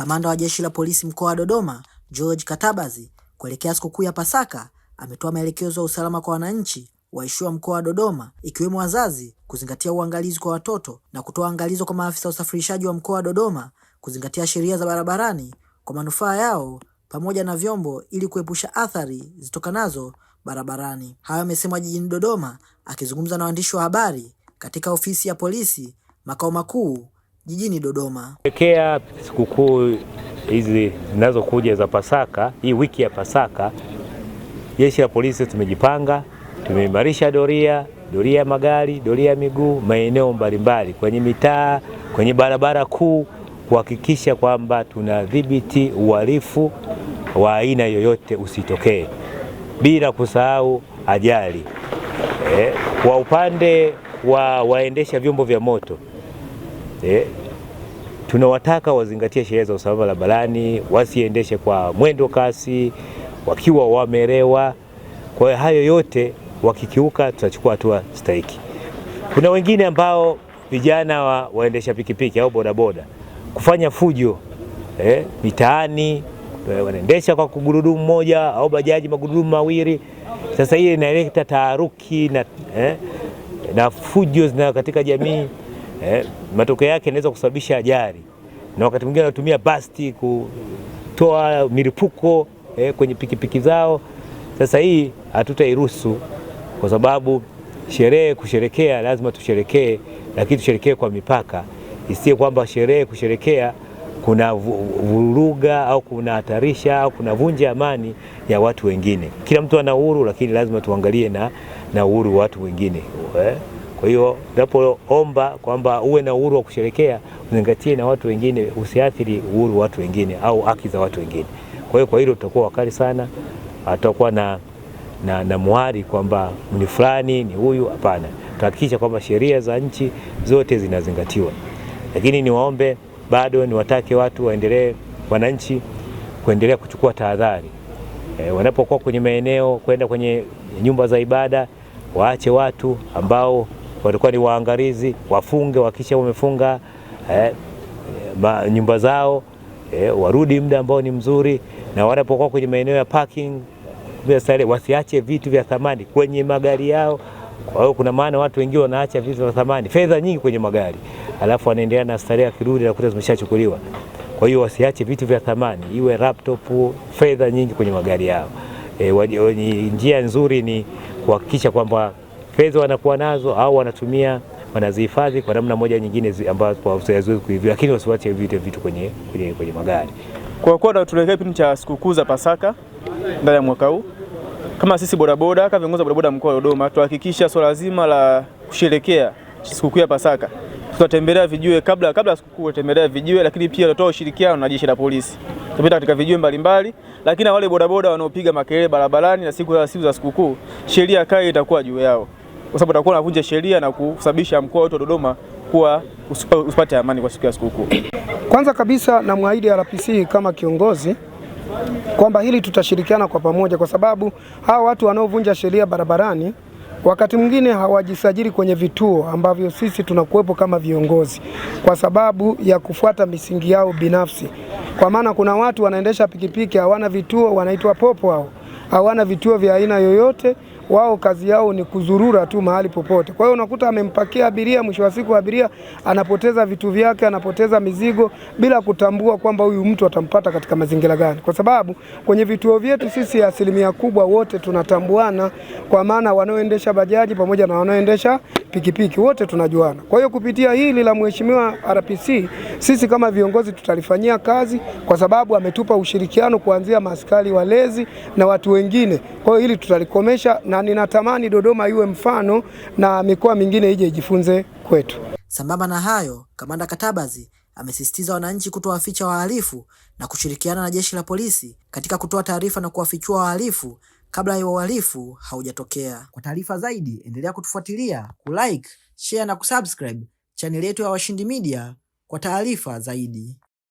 Kamanda wa Jeshi la Polisi mkoa wa Dodoma, George Katabazi, kuelekea sikukuu ya Pasaka ametoa maelekezo ya usalama kwa wananchi waishiwa mkoa wa Dodoma ikiwemo wazazi kuzingatia uangalizi kwa watoto na kutoa angalizo kwa maafisa wa usafirishaji wa mkoa wa Dodoma kuzingatia sheria za barabarani kwa manufaa yao pamoja na vyombo ili kuepusha athari zitokanazo barabarani. Hayo amesemwa jijini Dodoma akizungumza na waandishi wa habari katika ofisi ya polisi makao makuu jijini Dodoma. Kuelekea sikukuu hizi zinazokuja za Pasaka, hii wiki ya Pasaka, jeshi la polisi tumejipanga, tumeimarisha doria, doria ya magari, doria ya miguu, maeneo mbalimbali, kwenye mitaa, kwenye barabara kuu, kuhakikisha kwamba tunadhibiti uhalifu wa aina yoyote usitokee, bila kusahau ajali. Eh, kwa upande wa waendesha vyombo vya moto eh, tunawataka wazingatie sheria za usalama barabarani, wasiendeshe kwa mwendo kasi wakiwa wamerewa. Kwa hiyo hayo yote wakikiuka, tutachukua hatua stahiki. Kuna wengine ambao vijana wa, waendesha pikipiki au bodaboda kufanya fujo eh, mitaani eh, wanaendesha kwa gurudumu moja au bajaji magurudumu mawili. Sasa hii inaleta taharuki na, eh, na fujo zina katika jamii eh, matokeo yake yanaweza kusababisha ajali, na wakati mwingine wanatumia basti kutoa milipuko eh, kwenye pikipiki zao. Sasa hii hatutairuhusu kwa sababu sherehe kusherekea, lazima tusherekee, lakini tusherekee kwa mipaka, isiye kwamba sherehe kusherekea kuna vuruga au kuna hatarisha au kuna vunja amani ya watu wengine. Kila mtu ana uhuru, lakini lazima tuangalie na, na uhuru wa watu wengine eh? Kwa hiyo unapoomba kwamba uwe na uhuru wa kusherekea, uzingatie na watu wengine, usiathiri uhuru wa watu wengine au haki za watu wengine. Kwa hiyo kwa hilo tutakuwa wakali sana, atakuwa na, na, na muhari kwamba ni fulani ni huyu, hapana. Tutahakikisha kwamba sheria za nchi zote zinazingatiwa, lakini niwaombe bado niwatake watu waendelee, wananchi kuendelea kuchukua tahadhari e, wanapokuwa kwenye maeneo kwenda kwenye nyumba za ibada waache watu ambao walikuwa ni waangalizi, wafunge, wakisha wamefunga eh, ma, nyumba zao eh, warudi muda ambao ni mzuri, na wanapokuwa kwenye maeneo ya parking style, wasiache vitu vya thamani kwenye magari yao. Kwa hiyo kuna maana watu wengi wanaacha vitu vya thamani, fedha nyingi kwenye magari, alafu wanaendelea na starehe, akirudi kuta zimeshachukuliwa. Kwa hiyo wasiache vitu vya thamani, iwe laptop, fedha nyingi kwenye magari yao. E, eh, wani, wani, njia nzuri ni kuhakikisha kwamba fedha wanakuwa nazo au wanatumia wanazihifadhi kwa namna moja nyingine ambazo haziwezi kuivia, lakini wasiwache vile vitu kwenye, kwenye, kwenye magari. Kwa kuwa tunaelekea kipindi cha sikukuu za Pasaka ndani ya mwaka huu, kama sisi bodaboda, kama viongozi wa bodaboda mkoa wa Dodoma, tuhakikisha swala zima la kusherekea sikukuu ya Pasaka tutatembelea vijue kabla kabla sikukuu, tutembelea vijue, lakini pia tutatoa ushirikiano na jeshi la polisi, tupita katika vijue mbalimbali, lakini wale bodaboda wanaopiga makelele barabarani na siku za siku za sikukuu, sheria kali itakuwa juu yao kwa sababu atakuwa anavunja sheria na kusababisha mkoa wetu wa Dodoma kuwa eh, usipate amani kwa siku ya sikukuu. Kwanza kabisa namwahidi RPC kama kiongozi kwamba hili tutashirikiana kwa pamoja, kwa sababu hawa watu wanaovunja sheria barabarani wakati mwingine hawajisajili kwenye vituo ambavyo sisi tunakuwepo kama viongozi, kwa sababu ya kufuata misingi yao binafsi. Kwa maana kuna watu wanaendesha pikipiki hawana vituo, wanaitwa popo hao hawana vituo vya aina yoyote. Wao kazi yao ni kuzurura tu mahali popote. Kwa hiyo unakuta amempakia abiria, mwisho wa siku abiria anapoteza vitu vyake, anapoteza mizigo bila kutambua kwamba huyu mtu atampata katika mazingira gani, kwa sababu kwenye vituo vyetu sisi asilimia kubwa wote tunatambuana, kwa maana wanaoendesha bajaji pamoja na wanaoendesha pikipiki, wote tunajuana. Kwa hiyo kupitia hili la mheshimiwa RPC, sisi kama viongozi tutalifanyia kazi, kwa sababu ametupa ushirikiano kuanzia maskari walezi na watu wengine. Kwa hiyo hili tutalikomesha, na ninatamani Dodoma iwe mfano na mikoa mingine ije ijifunze kwetu. Sambamba na hayo, Kamanda Katabazi amesisitiza wananchi kutowaficha wahalifu na kushirikiana na jeshi la polisi katika kutoa taarifa na kuwafichua wahalifu kabla ya uhalifu haujatokea. Kwa taarifa zaidi, endelea kutufuatilia, kulike, share na kusubscribe chaneli yetu ya Washindi Media kwa taarifa zaidi.